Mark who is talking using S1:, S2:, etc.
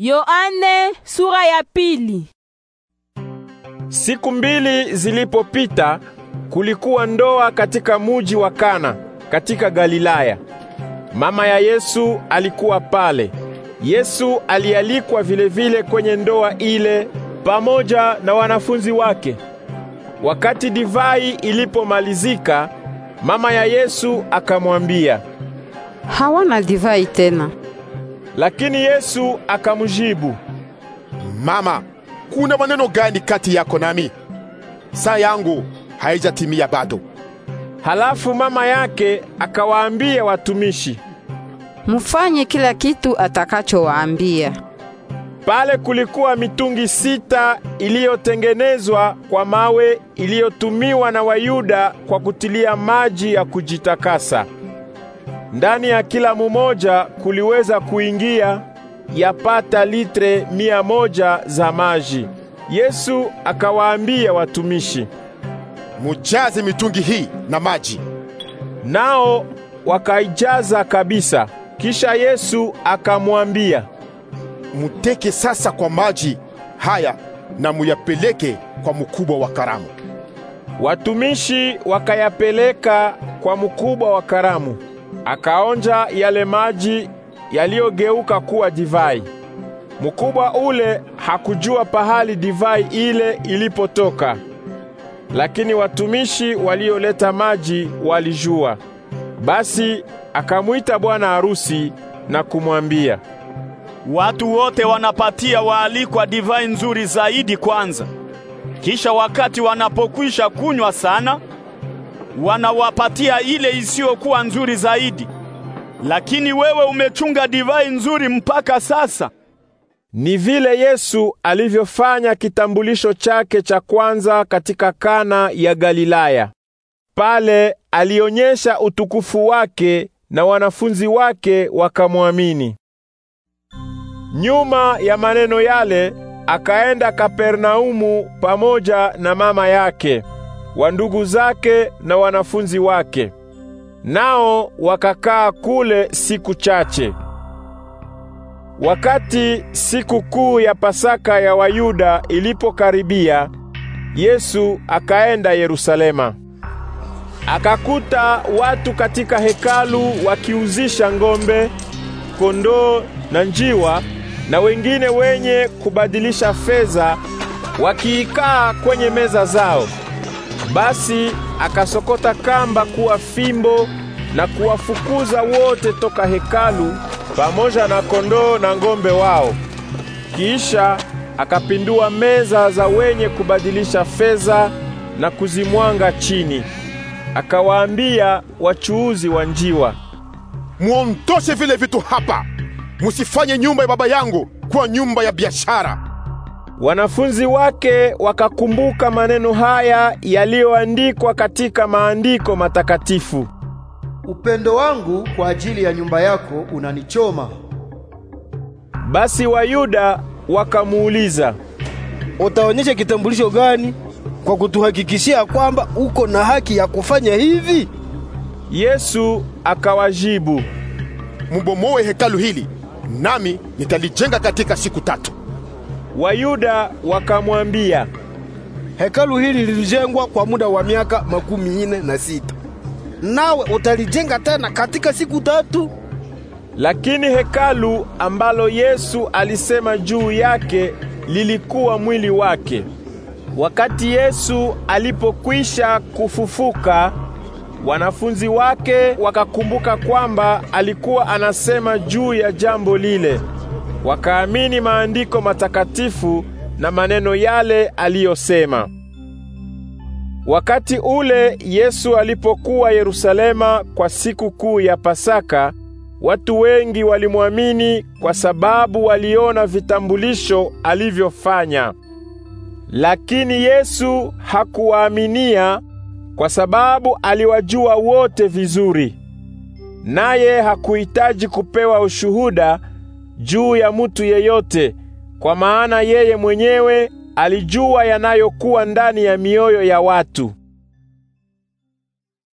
S1: Yoane sura ya pili. Siku mbili zilipopita kulikuwa ndoa katika muji wa Kana katika Galilaya. Mama ya Yesu alikuwa pale. Yesu alialikwa vilevile vile kwenye ndoa ile pamoja na wanafunzi wake. Wakati divai ilipomalizika, mama ya Yesu akamwambia, "Hawana divai tena." Lakini Yesu akamjibu, Mama, kuna maneno gani kati yako nami? Saa yangu haijatimia bado. Halafu mama yake akawaambia watumishi, mfanye kila kitu atakachowaambia. Pale kulikuwa mitungi sita iliyotengenezwa kwa mawe iliyotumiwa na Wayuda kwa kutilia maji ya kujitakasa. Ndani ya kila mumoja kuliweza kuingia yapata litre mia moja za maji. Yesu akawaambia watumishi, mujaze mitungi hii na maji, nao wakaijaza kabisa. Kisha Yesu akamwambia, muteke sasa kwa maji haya na muyapeleke kwa mkubwa wa karamu. Watumishi wakayapeleka kwa mkubwa wa karamu akaonja yale maji yaliyogeuka kuwa divai. Mkubwa ule hakujua pahali divai ile ilipotoka, lakini watumishi walioleta maji walijua. Basi akamwita bwana harusi na kumwambia, watu wote wanapatia waalikwa divai nzuri zaidi kwanza, kisha wakati wanapokwisha kunywa sana wanawapatia ile isiyokuwa nzuri zaidi. Lakini wewe umechunga divai nzuri mpaka sasa. Ni vile Yesu alivyofanya kitambulisho chake cha kwanza katika Kana ya Galilaya. Pale alionyesha utukufu wake na wanafunzi wake wakamwamini. Nyuma ya maneno yale, akaenda Kapernaumu pamoja na mama yake wa ndugu zake na wanafunzi wake, nao wakakaa kule siku chache. Wakati siku kuu ya Pasaka ya Wayuda ilipokaribia, Yesu akaenda Yerusalema. Akakuta watu katika hekalu wakiuzisha ng'ombe, kondoo na njiwa na wengine wenye kubadilisha fedha wakiikaa kwenye meza zao. Basi akasokota kamba kuwa fimbo na kuwafukuza wote toka hekalu pamoja na kondoo na ng'ombe wao. Kisha akapindua meza za wenye kubadilisha fedha na kuzimwanga chini. Akawaambia wachuuzi wa njiwa, muomtoshe vile vitu hapa, musifanye nyumba ya Baba yangu kuwa nyumba ya biashara. Wanafunzi wake wakakumbuka maneno haya yaliyoandikwa katika maandiko matakatifu, upendo wangu kwa ajili ya nyumba yako unanichoma. Basi Wayuda wakamuuliza, utaonyesha kitambulisho gani kwa kutuhakikishia kwamba uko na haki ya kufanya hivi? Yesu akawajibu, mubomoe hekalu hili, nami nitalijenga katika siku tatu. Wayuda wakamwambia, hekalu hili lilijengwa kwa muda wa miaka makumi ine na sita, nawe utalijenga tena katika siku tatu? Lakini hekalu ambalo Yesu alisema juu yake lilikuwa mwili wake. Wakati Yesu alipokwisha kufufuka, wanafunzi wake wakakumbuka kwamba alikuwa anasema juu ya jambo lile wakaamini maandiko matakatifu na maneno yale aliyosema. Wakati ule Yesu alipokuwa Yerusalema kwa siku kuu ya Pasaka, watu wengi walimwamini kwa sababu waliona vitambulisho alivyofanya. Lakini Yesu hakuwaaminia kwa sababu aliwajua wote vizuri. Naye hakuhitaji kupewa ushuhuda juu ya mutu yeyote, kwa maana yeye mwenyewe alijua yanayokuwa ndani ya mioyo ya watu.